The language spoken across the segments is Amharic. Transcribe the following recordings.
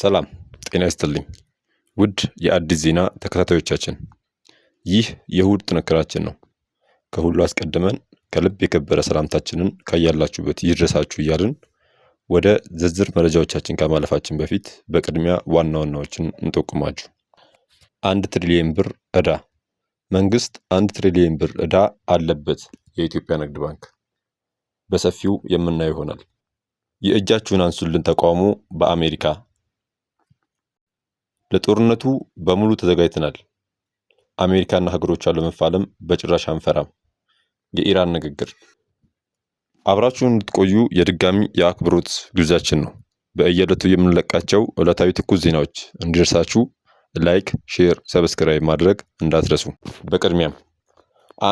ሰላም ጤና ይስጥልኝ ውድ የአዲስ ዜና ተከታታዮቻችን፣ ይህ የእሁድ ጥንክራችን ነው። ከሁሉ አስቀድመን ከልብ የከበረ ሰላምታችንን ካያላችሁበት ይድረሳችሁ እያልን ወደ ዝርዝር መረጃዎቻችን ከማለፋችን በፊት በቅድሚያ ዋና ዋናዎችን እንጠቁማችሁ። አንድ ትሪሊየን ብር ዕዳ መንግስት አንድ ትሪሊየን ብር ዕዳ አለበት። የኢትዮጵያ ንግድ ባንክ በሰፊው የምናየው ይሆናል። የእጃችሁን አንሱልን ተቋሙ በአሜሪካ ለጦርነቱ በሙሉ ተዘጋጅተናል። አሜሪካና ሀገሮቿን ለመፋለም በጭራሽ አንፈራም። የኢራን ንግግር። አብራችሁን እንድትቆዩ የድጋሚ የአክብሮት ግብዣችን ነው። በየዕለቱ የምንለቃቸው ዕለታዊ ትኩስ ዜናዎች እንዲደርሳችሁ ላይክ፣ ሼር፣ ሰብስክራይብ ማድረግ እንዳትረሱ። በቅድሚያም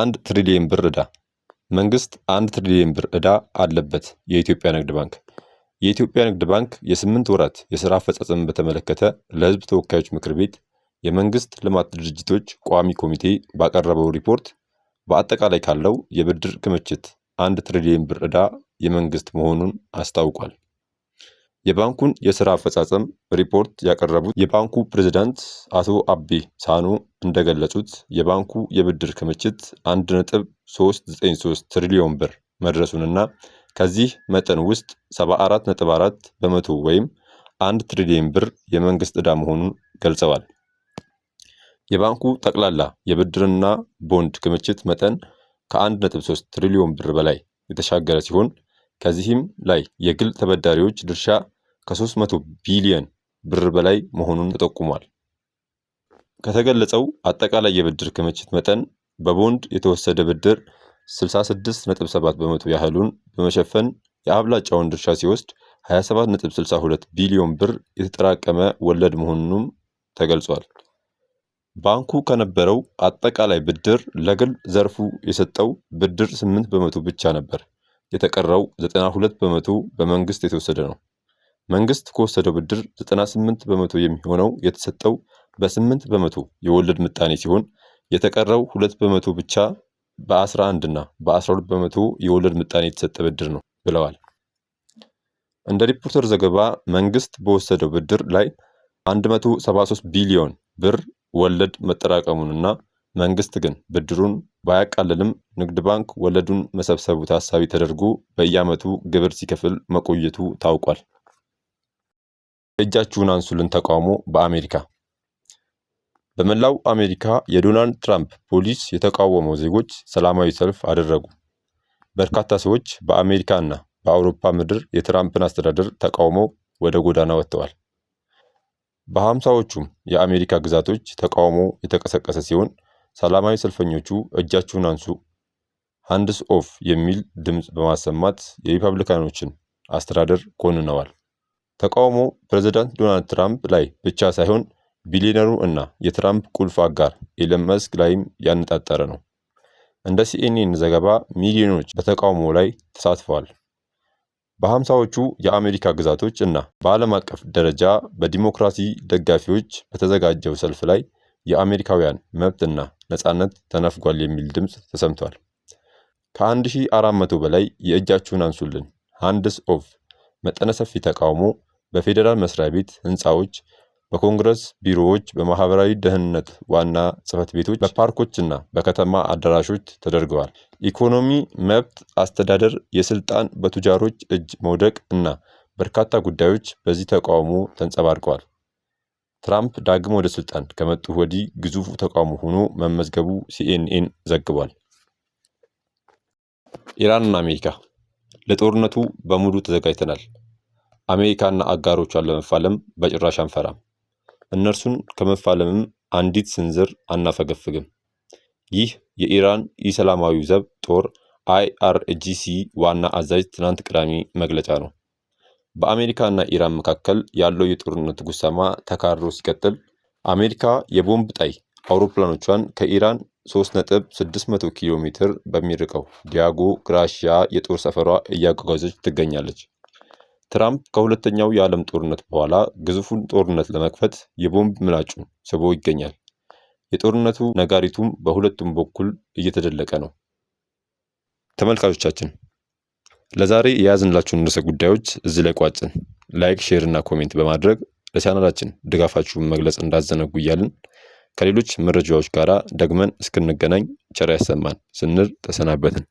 አንድ ትሪሊየን ብር ዕዳ መንግስት አንድ ትሪሊየን ብር ዕዳ አለበት። የኢትዮጵያ ንግድ ባንክ የኢትዮጵያ ንግድ ባንክ የስምንት ወራት የሥራ አፈጻጸምን በተመለከተ ለሕዝብ ተወካዮች ምክር ቤት የመንግሥት ልማት ድርጅቶች ቋሚ ኮሚቴ ባቀረበው ሪፖርት በአጠቃላይ ካለው የብድር ክምችት አንድ ትሪሊየን ብር ዕዳ የመንግሥት መሆኑን አስታውቋል። የባንኩን የሥራ አፈጻጸም ሪፖርት ያቀረቡት የባንኩ ፕሬዝዳንት አቶ አቤ ሳኖ እንደገለጹት የባንኩ የብድር ክምችት 1.393 ትሪሊዮን ብር መድረሱንና ከዚህ መጠን ውስጥ 74.4 በመቶ ወይም 1 ትሪሊዮን ብር የመንግስት ዕዳ መሆኑን ገልጸዋል። የባንኩ ጠቅላላ የብድርና ቦንድ ክምችት መጠን ከ1.3 ትሪሊዮን ብር በላይ የተሻገረ ሲሆን ከዚህም ላይ የግል ተበዳሪዎች ድርሻ ከ300 ቢሊዮን ብር በላይ መሆኑን ተጠቁሟል። ከተገለጸው አጠቃላይ የብድር ክምችት መጠን በቦንድ የተወሰደ ብድር 66.7 በመቶ ያህሉን በመሸፈን የአብላጫውን ድርሻ ሲወስድ 27.62 ቢሊዮን ብር የተጠራቀመ ወለድ መሆኑንም ተገልጿል። ባንኩ ከነበረው አጠቃላይ ብድር ለግል ዘርፉ የሰጠው ብድር 8 በመቶ ብቻ ነበር። የተቀረው 92 በመቶ በመንግስት የተወሰደ ነው። መንግስት ከወሰደው ብድር 98 በመቶ የሚሆነው የተሰጠው በ8 በመቶ የወለድ ምጣኔ ሲሆን የተቀረው 2 በመቶ ብቻ በ11 እና በ12 በመቶ የወለድ ምጣኔ የተሰጠ ብድር ነው ብለዋል። እንደ ሪፖርተር ዘገባ መንግስት በወሰደው ብድር ላይ 173 ቢሊዮን ብር ወለድ መጠራቀሙንና መንግስት ግን ብድሩን ባያቃልልም ንግድ ባንክ ወለዱን መሰብሰቡ ታሳቢ ተደርጎ በየዓመቱ ግብር ሲከፍል መቆየቱ ታውቋል። እጃችሁን አንሱልን ተቃውሞ በአሜሪካ በመላው አሜሪካ የዶናልድ ትራምፕ ፖሊስ የተቃወሙ ዜጎች ሰላማዊ ሰልፍ አደረጉ። በርካታ ሰዎች በአሜሪካና በአውሮፓ ምድር የትራምፕን አስተዳደር ተቃውመው ወደ ጎዳና ወጥተዋል። በሀምሳዎቹም የአሜሪካ ግዛቶች ተቃውሞ የተቀሰቀሰ ሲሆን ሰላማዊ ሰልፈኞቹ እጃችሁን አንሱ፣ ሃንድስ ኦፍ የሚል ድምፅ በማሰማት የሪፐብሊካኖችን አስተዳደር ኮንነዋል። ተቃውሞ ፕሬዚዳንት ዶናልድ ትራምፕ ላይ ብቻ ሳይሆን ቢሊነሩ እና የትራምፕ ቁልፍ አጋር ኢለን መስክ ላይም ያነጣጠረ ነው። እንደ ሲኤንኤን ዘገባ ሚሊዮኖች በተቃውሞ ላይ ተሳትፈዋል። በሀምሳዎቹ የአሜሪካ ግዛቶች እና በዓለም አቀፍ ደረጃ በዲሞክራሲ ደጋፊዎች በተዘጋጀው ሰልፍ ላይ የአሜሪካውያን መብትና ነጻነት ተነፍጓል የሚል ድምፅ ተሰምቷል። ከ1400 በላይ የእጃችሁን አንሱልን ሃንድስ ኦፍ መጠነ ሰፊ ተቃውሞ በፌዴራል መስሪያ ቤት ህንፃዎች በኮንግረስ ቢሮዎች፣ በማህበራዊ ደህንነት ዋና ጽህፈት ቤቶች፣ በፓርኮችና በከተማ አዳራሾች ተደርገዋል። ኢኮኖሚ፣ መብት፣ አስተዳደር፣ የስልጣን በቱጃሮች እጅ መውደቅ እና በርካታ ጉዳዮች በዚህ ተቃውሞ ተንጸባርቀዋል። ትራምፕ ዳግም ወደ ስልጣን ከመጡ ወዲህ ግዙፉ ተቃውሞ ሆኖ መመዝገቡ ሲኤንኤን ዘግቧል። ኢራንና አሜሪካ ለጦርነቱ በሙሉ ተዘጋጅተናል። አሜሪካና አጋሮቿን ለመፋለም በጭራሽ አንፈራም። እነርሱን ከመፋለምም አንዲት ስንዝር አናፈገፍግም። ይህ የኢራን ኢሰላማዊ ዘብ ጦር አይአርጂሲ ዋና አዛዥ ትናንት ቅዳሜ መግለጫ ነው። በአሜሪካና ኢራን መካከል ያለው የጦርነት ጉሰማ ተካሮ ሲቀጥል አሜሪካ የቦምብ ጣይ አውሮፕላኖቿን ከኢራን 3.600 ኪሎ ሜትር በሚርቀው ዲያጎ ግራሺያ የጦር ሰፈሯ እያጓጓዘች ትገኛለች። ትራምፕ ከሁለተኛው የዓለም ጦርነት በኋላ ግዙፉን ጦርነት ለመክፈት የቦምብ ምላጩን ስቦ ይገኛል። የጦርነቱ ነጋሪቱም በሁለቱም በኩል እየተደለቀ ነው። ተመልካቾቻችን ለዛሬ የያዝንላችሁን ርዕሰ ጉዳዮች እዚህ ላይ ቋጭን። ላይክ፣ ሼር እና ኮሜንት በማድረግ ለቻናላችን ድጋፋችሁን መግለጽ እንዳዘነጉ እያልን ከሌሎች መረጃዎች ጋር ደግመን እስክንገናኝ ቸር ያሰማን ስንል ተሰናበትን።